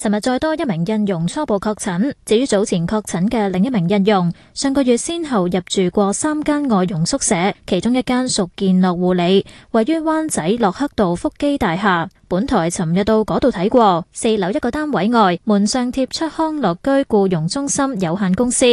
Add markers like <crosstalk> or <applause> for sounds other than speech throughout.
尋日再多一名印傭初步確診，至於早前確診嘅另一名印傭，上個月先後入住過三間外傭宿舍，其中一間屬健樂護理，位於灣仔洛克道福基大廈。本台尋日到嗰度睇過，四樓一個單位外門上貼出康樂居僱傭中心有限公司，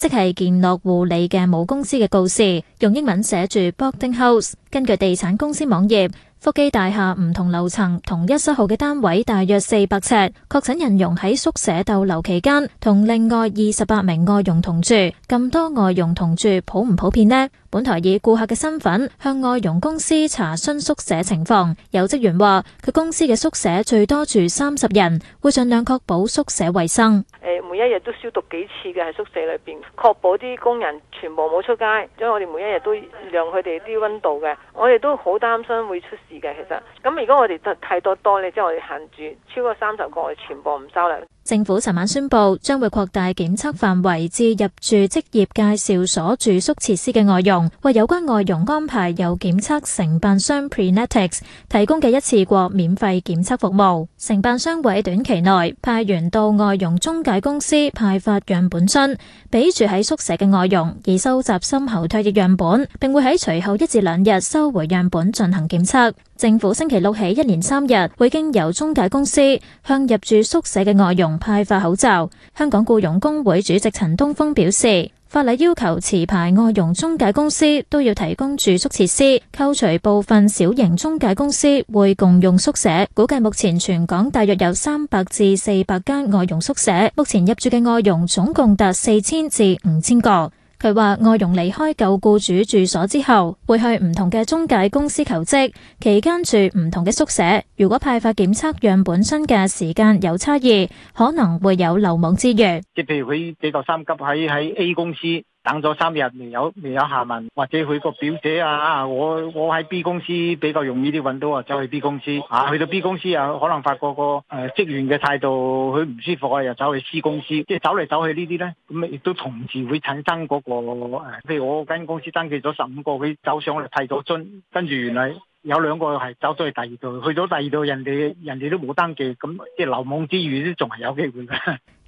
即係健樂護理嘅母公司嘅告示，用英文寫住 Boarding House，根據地產公司網頁，福基大廈唔同樓層同一室號嘅單位大約四百尺，確診印傭喺宿舍逗留期間，同另外二十八名外傭同住。咁多外傭同住普唔普遍呢？本台以顧客嘅身份向外傭公司查詢宿舍情況，有職員話佢公司嘅宿舍最多住三十人，會盡量確保宿舍衛生。每一日都消毒幾次嘅喺宿舍裏邊，確保啲工人全部冇出街，因為我哋每一日都量佢哋啲溫度嘅，我哋都好擔心會出事嘅。其實，咁如果我哋睇太多你，即係我哋限住超過三十個，我哋全部唔收啦。政府尋晚宣布，將會擴大檢測範圍至入住職業介紹所住宿設施嘅外傭，為有關外傭安排由檢測承辦商 Prenetics 提供嘅一次過免費檢測服務。承辦商會短期內派員到外傭中介公司派發樣本樽，俾住喺宿舍嘅外傭以收集深喉唾液樣本，並會喺隨後一至兩日收回樣本進行檢測。政府星期六起一連三日會經由中介公司向入住宿舍嘅外傭派發口罩。香港僱傭工會主席陳東峰表示，法例要求持牌外傭中介公司都要提供住宿設施，扣除部分小型中介公司會共用宿舍，估計目前全港大約有三百至四百間外傭宿舍，目前入住嘅外傭總共達四千至五千個。佢話外傭離開舊僱主住所之後，會去唔同嘅中介公司求職，期間住唔同嘅宿舍。如果派發檢測樣本樽嘅時間有差異，可能會有漏網之魚。即係譬如佢比較心急，喺喺 A 公司。等咗三日未有未有下文，或者佢個表姐啊，我我喺 B 公司比較容易啲揾到啊，走去 B 公司啊，去到 B 公司又可能發覺個誒、呃、職員嘅態度佢唔舒服啊，又走去 C 公司，即係走嚟走去呢啲咧，咁亦都同時會產生嗰、那個誒，譬、啊、如我間公司登記咗十五個，佢走上嚟派到樽，跟住原來有兩個係走咗去第二度，去咗第二度人哋人哋都冇登記，咁即係漏網之魚都仲係有機會嘅。 <laughs>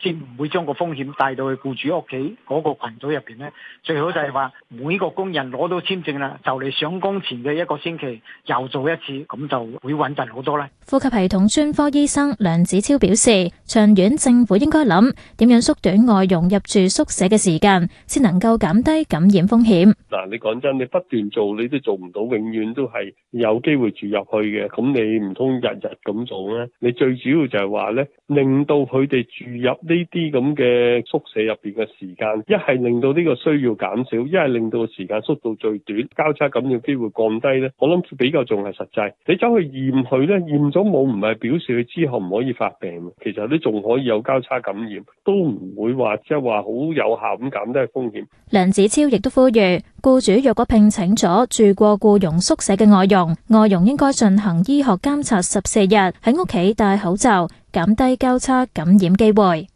先唔會將個風險帶到去僱主屋企嗰個羣組入邊咧，最好就係話每個工人攞到簽證啦，就嚟上崗前嘅一個星期又做一次，咁就會穩陣好多啦。呼吸系統專科醫生梁子超表示，長遠政府應該諗點樣縮短外傭入住宿舍嘅時間，先能夠減低感染風險。嗱，你講真，你不斷做，你都做唔到，永遠都係有機會住入去嘅。咁你唔通日日咁做咩？你最主要就係話咧，令到佢哋住入，呢啲咁嘅宿舍入邊嘅時間，一係令到呢個需要減少，一係令到時間縮到最短，交叉感染機會降低呢，我諗比較仲係實際。你走去驗佢呢，驗咗冇唔係表示佢之後唔可以發病，其實你仲可以有交叉感染，都唔會話即係話好有效咁減低風險。梁子超亦都呼籲僱主若果聘請咗住過僱傭宿舍嘅外傭，外傭應該進行醫學監察十四日，喺屋企戴口罩，減低交叉感染機會。